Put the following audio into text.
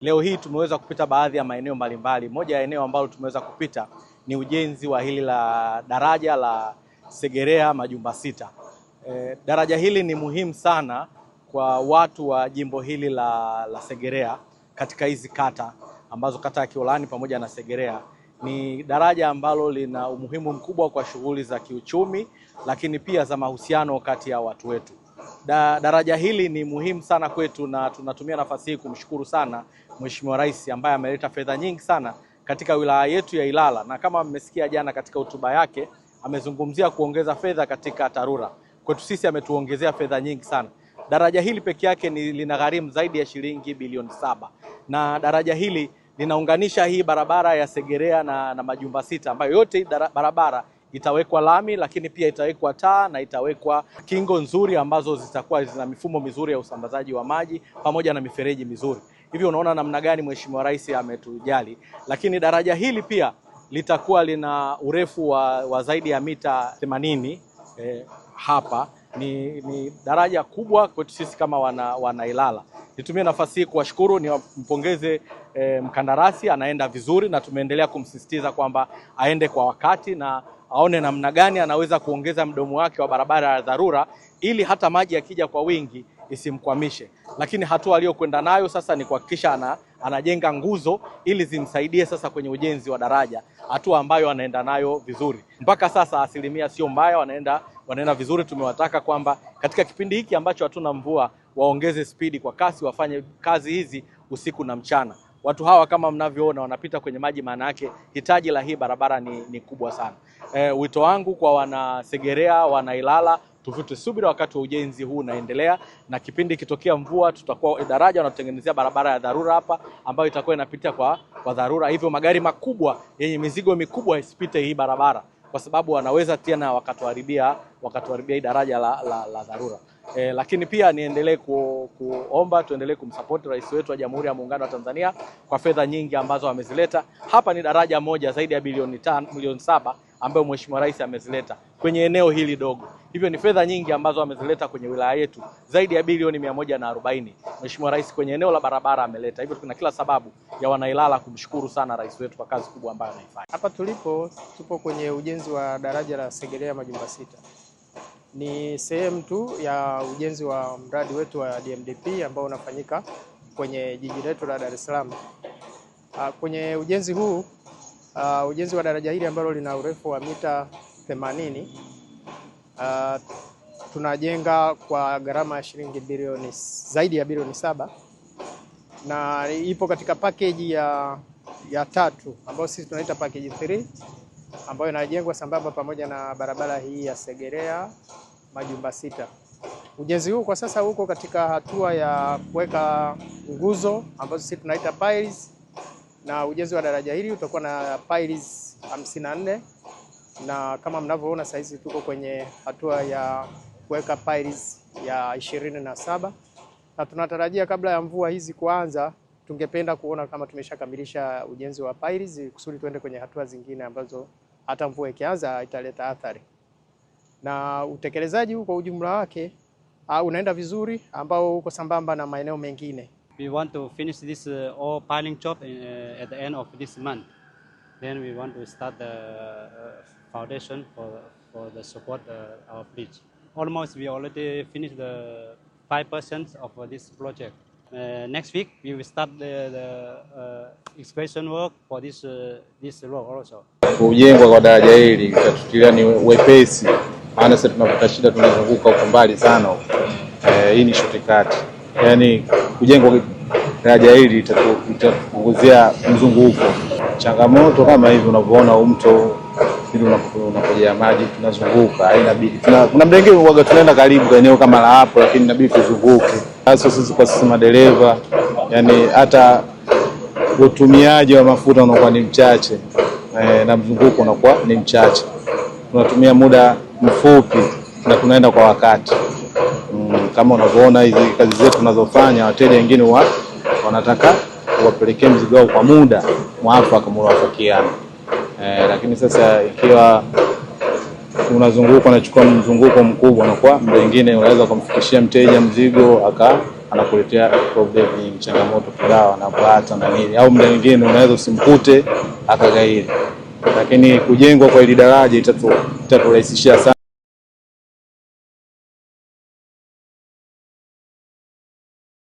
Leo hii tumeweza kupita baadhi ya maeneo mbalimbali. Moja ya eneo ambalo tumeweza kupita ni ujenzi wa hili la daraja la Segerea Majumba Sita. E, daraja hili ni muhimu sana kwa watu wa jimbo hili la, la Segerea katika hizi kata ambazo kata ya Kiolani pamoja na Segerea. Ni daraja ambalo lina umuhimu mkubwa kwa shughuli za kiuchumi, lakini pia za mahusiano kati ya watu wetu da, daraja hili ni muhimu sana kwetu, na tunatumia nafasi hii kumshukuru sana Mheshimiwa Rais ambaye ameleta fedha nyingi sana katika wilaya yetu ya Ilala, na kama mmesikia jana katika hotuba yake amezungumzia kuongeza fedha katika TARURA. Kwetu sisi ametuongezea fedha nyingi sana. Daraja hili peke yake ni lina gharimu zaidi ya shilingi bilioni saba, na daraja hili linaunganisha hii barabara ya Segerea na, na Majumba Sita ambayo yote dara, barabara itawekwa lami, lakini pia itawekwa taa na itawekwa kingo nzuri ambazo zitakuwa zina mifumo mizuri ya usambazaji wa maji pamoja na mifereji mizuri. Hivyo unaona namna gani Mheshimiwa Rais ametujali. Lakini daraja hili pia litakuwa lina urefu wa, wa zaidi ya mita 80 eh, hapa ni, ni daraja kubwa kwetu sisi kama wana, wana Ilala. Nitumie nafasi hii kuwashukuru, mpongeze eh, mkandarasi anaenda vizuri, na tumeendelea kumsisitiza kwamba aende kwa wakati na aone namna gani anaweza kuongeza mdomo wake wa barabara ya dharura ili hata maji yakija kwa wingi isimkwamishe. Lakini hatua aliyokwenda nayo sasa ni kuhakikisha ana, anajenga nguzo ili zimsaidie sasa kwenye ujenzi wa daraja, hatua ambayo anaenda nayo vizuri mpaka sasa. Asilimia sio mbaya, wanaenda wanaenda vizuri. Tumewataka kwamba katika kipindi hiki ambacho hatuna mvua waongeze spidi kwa kasi, wafanye kazi hizi usiku na mchana. Watu hawa kama mnavyoona wanapita kwenye maji, maana yake hitaji la hii barabara ni, ni kubwa sana. E, wito wangu kwa wanasegerea wanailala tuvute subira wakati wa ujenzi huu unaendelea, na kipindi ikitokea mvua tutakuwa daraja wanatutengenezea barabara ya dharura hapa ambayo itakuwa inapitia kwa, kwa dharura, hivyo magari makubwa yenye mizigo mikubwa isipite hii barabara kwa sababu wanaweza tena wakatuharibia wakatuharibia daraja la, la, la dharura. E, lakini pia niendelee ku, kuomba tuendelee kumsapoti rais wetu wa Jamhuri ya Muungano wa Tanzania kwa fedha nyingi ambazo amezileta. Hapa ni daraja moja zaidi ya bilioni tano, milioni saba ambayo Mheshimiwa Rais amezileta kwenye eneo hili dogo. Hivyo ni fedha nyingi ambazo amezileta kwenye wilaya yetu, zaidi ya bilioni mia moja na arobaini Mheshimiwa Rais kwenye eneo la barabara ameleta. Hivyo tuna kila sababu ya wanailala kumshukuru sana rais wetu kwa kazi kubwa ambayo anaifanya. Hapa tulipo tupo kwenye ujenzi wa daraja la Segerea Majumba Sita, ni sehemu tu ya ujenzi wa mradi wetu wa DMDP ambao unafanyika kwenye jiji letu la Dar es Salaam. Ah, kwenye ujenzi huu Uh, ujenzi wa daraja hili ambalo lina urefu wa mita 80 uh, tunajenga kwa gharama ya shilingi bilioni zaidi ya bilioni saba na ipo katika package ya, ya tatu ambayo sisi tunaita package 3 ambayo inajengwa sambamba pamoja na barabara hii ya Segerea Majumba Sita. Ujenzi huu kwa sasa uko katika hatua ya kuweka nguzo ambazo sisi tunaita piles na ujenzi wa daraja hili utakuwa na piles 54 na kama mnavyoona saizi tuko kwenye hatua ya kuweka piles ya ishirini na saba na tunatarajia kabla ya mvua hizi kuanza, tungependa kuona kama tumeshakamilisha ujenzi wa piles kusudi tuende kwenye hatua zingine ambazo hata mvua ikianza italeta athari. Na utekelezaji huu kwa ujumla wake ah, unaenda vizuri, ambao uko sambamba na maeneo mengine. we want to finish this uh, all piling job in, uh, at the end of this month. Then we want to start the uh, foundation for, for the support our bridge. Almost we already finished the 5% of this project. Uh, next week we will start the, the uh, excavation work for this, uh, this road also. Kujengwa kwa daraja hili tutatilia ni wepesi, maana sasa tunapata shida, tunazunguka huko mbali sana. Eh, hii ni shortcut, yani kujengwa daraja hili litapunguzia mzunguko. Changamoto kama hivi unavyoona, huu mto ili unapojea maji tunazunguka, inabidi kuna muda mwingine tunaenda karibu eneo kama la hapo, lakini inabidi tuzunguke, hasa sisi kwa sisi madereva, yani hata utumiaji wa mafuta unakuwa ni mchache e, na mzunguko unakuwa ni mchache, tunatumia muda mfupi na tunaenda kwa wakati kama unavyoona hizi kazi zetu tunazofanya, wateja wengine wa wanataka wapelekee mzigo wao kwa muda mwafaka mnawafikiana. E, eh, lakini sasa ikiwa unazunguka unachukua mzunguko mkubwa, unakuwa mda mwingine unaweza kumfikishia mteja mzigo aka anakuletea problem nyingi, changamoto kibao anapata na nini, au muda mwingine unaweza usimkute akagaili. lakini kujengwa kwa ili daraja itaturahisishia sana.